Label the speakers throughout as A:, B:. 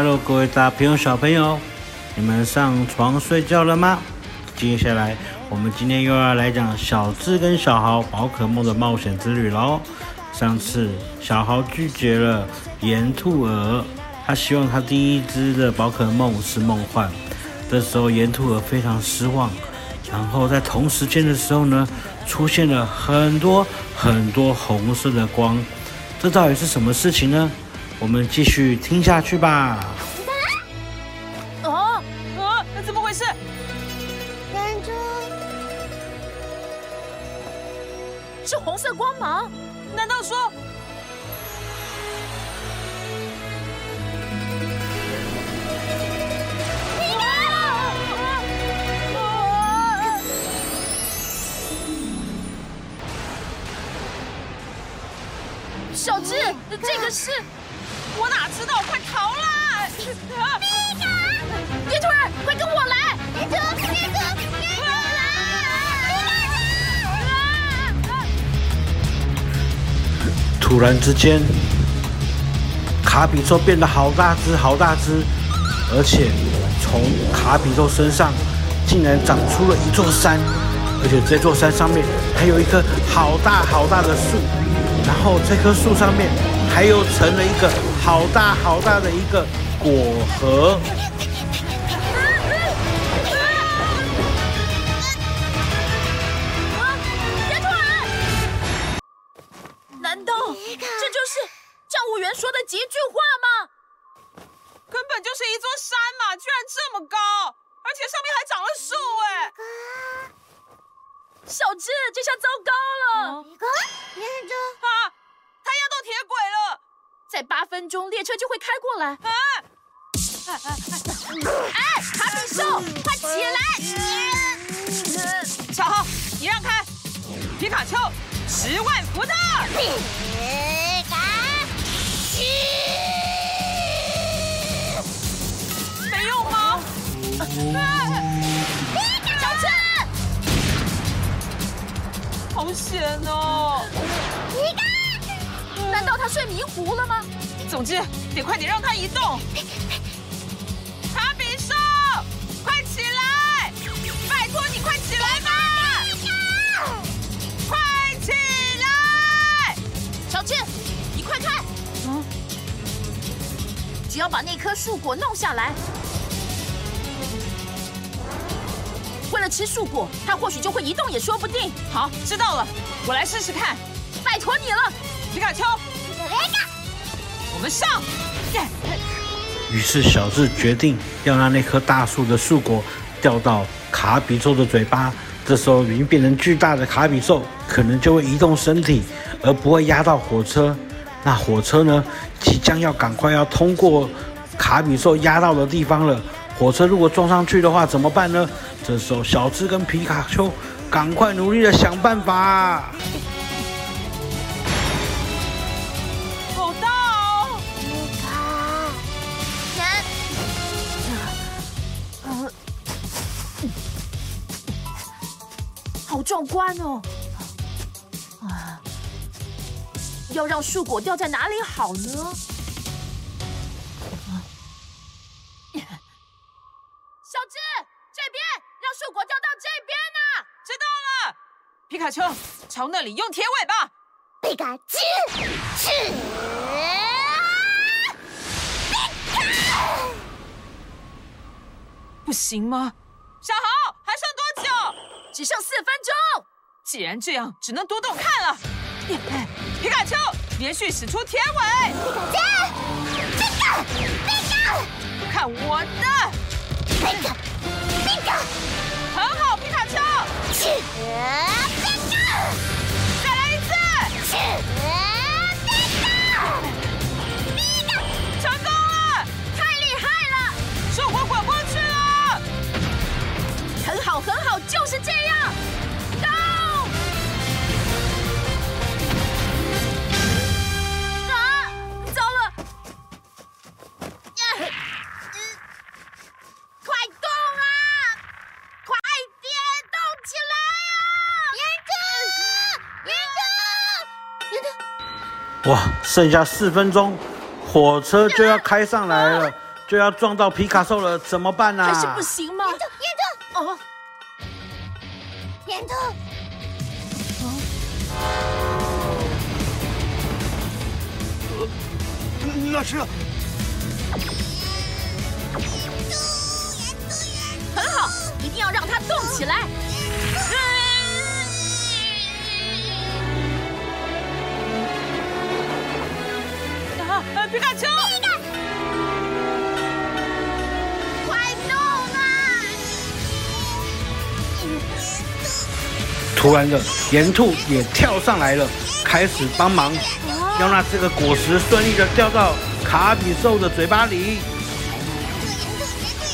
A: 哈嘍，Hello, 各位大朋友、小朋友，你們上床睡覺了嗎？接下來，我們今天又要來講小智跟小豪寶可夢的冒險之旅嘍、哦。上次小豪拒絕了炎兔兒，他希望他第一隻的寶可夢是夢幻。這時候炎兔兒非常失望。然後在同時間的時候呢，出現了很多很多紅色的光，這到底是什麼事情呢？我們繼續聽下去吧。
B: 啊？啊，怎麼回事？珍珠、啊、是紅色光芒，難道說？小智，這個是。我哪知道，快逃啦，啊！別、啊、管，快跟我來！葉腿，葉腿，葉腿來！團
A: 團啊啊啊，突然之間，卡比獸變得好大只，好大只，而且從卡比獸身上竟然長出了一座山，而且這座山上面還有一棵好大好大的樹，然後這棵樹上面還又成了一個。好大好大的一個果核。
B: 八分鐘，列車就會開過來。哎、啊啊啊啊啊，卡比獸，啊、快起來！啊啊啊、小豪，你讓開。皮卡丘，十萬伏特！沒用嗎？皮卡丘、啊、皮卡丘，好險哦！難道他睡迷糊了嗎？總之得快點讓他移動。卡比獸，快起來！拜託你快起來吧！ 快起來！小智，你快看，嗯，只要把那棵樹果弄下來，為了吃樹果，它或許就會移動也說不定。好，知道了，我來試試看。拜託你了。皮卡丘，我們
A: 上！於是小智決定要讓那棵大樹的樹果掉到卡比獸的嘴巴。這時候，已經變成巨大的卡比獸，可能就會移動身體，而不會壓到火車。那火車呢？即將要趕快要通過卡比獸壓到的地方了。火車如果撞上去的話，怎麼辦呢？這時候，小智跟皮卡丘趕快努力的想辦法。
B: 關哦！啊，要讓樹果掉在哪裡好呢？小智這邊，讓樹果掉到這邊啊！知道了，皮卡丘，朝那裡用鐵尾巴。皮卡丘，不行嗎？只剩四分鐘，既然這樣，只能多動看了。皮卡丘連續使出鐵尾，皮卡，皮卡，皮卡，看我的，皮卡，皮卡，很好，皮卡丘，皮卡。皮卡
A: 哇，剩下四分鐘，火車就要開上來了，就要撞到皮卡獸了，怎麼辦呢？啊？還是不
B: 行嗎？哦，圓
A: 通，哦，
B: 那很好，一定要讓它動起來。
A: 突然的，岩兔也跳上來了，開始幫忙，讓那這個果實順利的掉到卡比獸的嘴巴裡。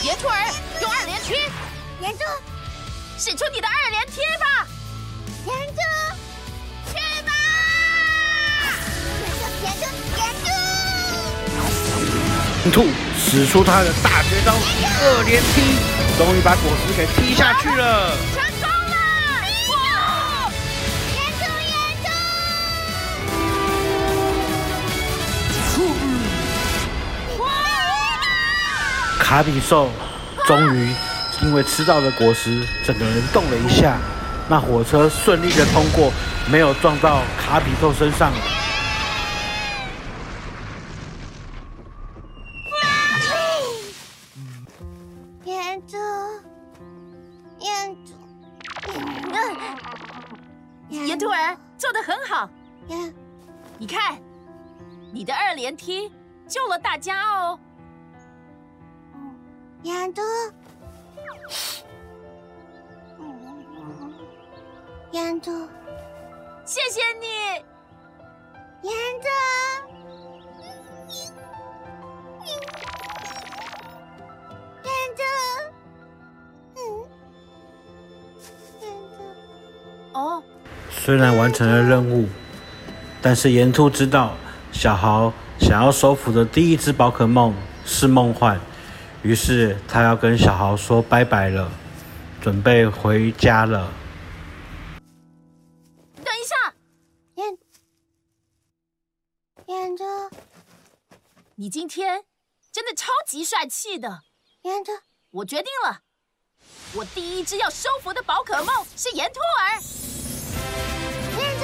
A: 岩
B: 兔，兒用二連踢！岩兔，使出你的二連踢吧！岩兔，去吧！岩兔，
A: 岩兔，岩兔！岩兔使出他的大絕招二連踢，終於把果實給踢下去了。卡比獸終於因為吃到的果實，整個人動了一下。那火車順利地通過，沒有撞到卡比獸身上了。野
B: 豬，野豬，野豬！野豬、啊、人做的很好。野，你看，你的二連踢救了大家哦。岩兔，岩兔，謝謝你，岩兔，岩兔，岩兔，
A: 雖然完成了任務，但是岩兔知道，小豪想要收服的第一隻寶可夢是夢幻。於是他要跟小豪說拜拜了，準備回家了。
B: 等一下，燕燕子，你今天真的超級帥氣的，岩澤着，我決定了，我第一隻要收服的寶可夢是岩兔兒。岩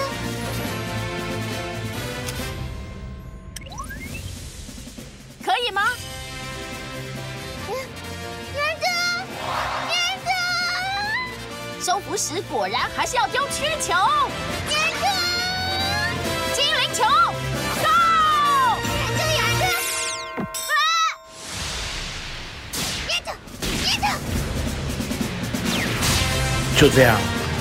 B: 澤着，可以嗎？收服時果然還是要丟曲球，炎兔兒精靈球 Go，炎兔兒
A: 就這樣，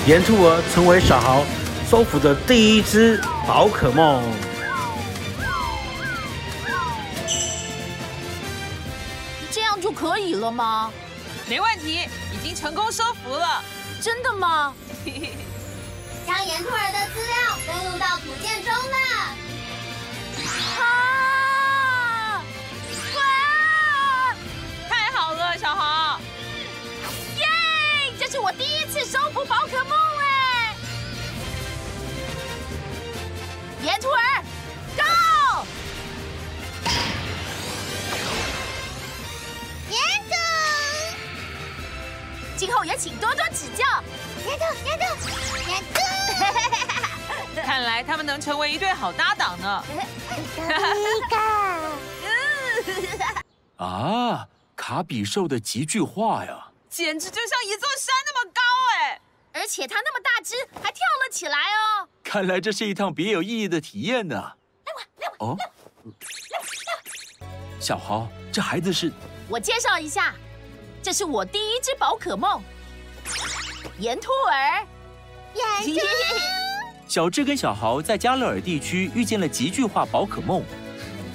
A: 炎兔兒成為小豪收服的第一隻寶可夢。
B: 這樣就可以了嗎？沒問題，已經成功收服了。真的嗎？ 將炎兔兒的資料登錄到圖鑑中了。看來他們能成為一對好搭檔呢。勇敢！
A: 啊，卡比獸的極巨化呀，
B: 簡直就像一座山那麼高哎！而且它那麼大隻，還跳了起來哦。
A: 看來這是一趟別有意義的體驗呢。六
B: 六六！哦、
A: 小豪，這孩子是……
B: 我介紹一下，這是我第一隻寶可夢。炎兔兒，炎兔
A: 兒。小智跟小豪在加勒爾地區遇見了極巨化寶可夢，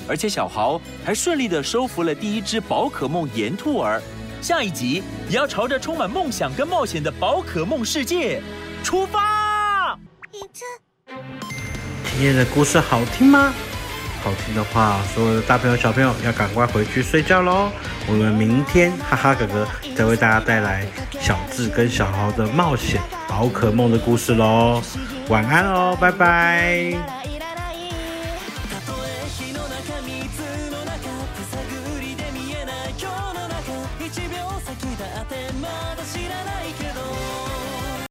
A: 而且小豪還順利的收服了第一隻寶可夢炎兔兒。下一集也要朝着充滿夢想跟冒險的寶可夢世界出發。一今天的故事好聽嗎？好聽的話，所有的大朋友小朋友要趕快回去睡覺嘍。我們明天哈哈哥哥再為大家帶來小智跟小豪的冒險寶可夢的故事嘍，晚安哦，拜拜。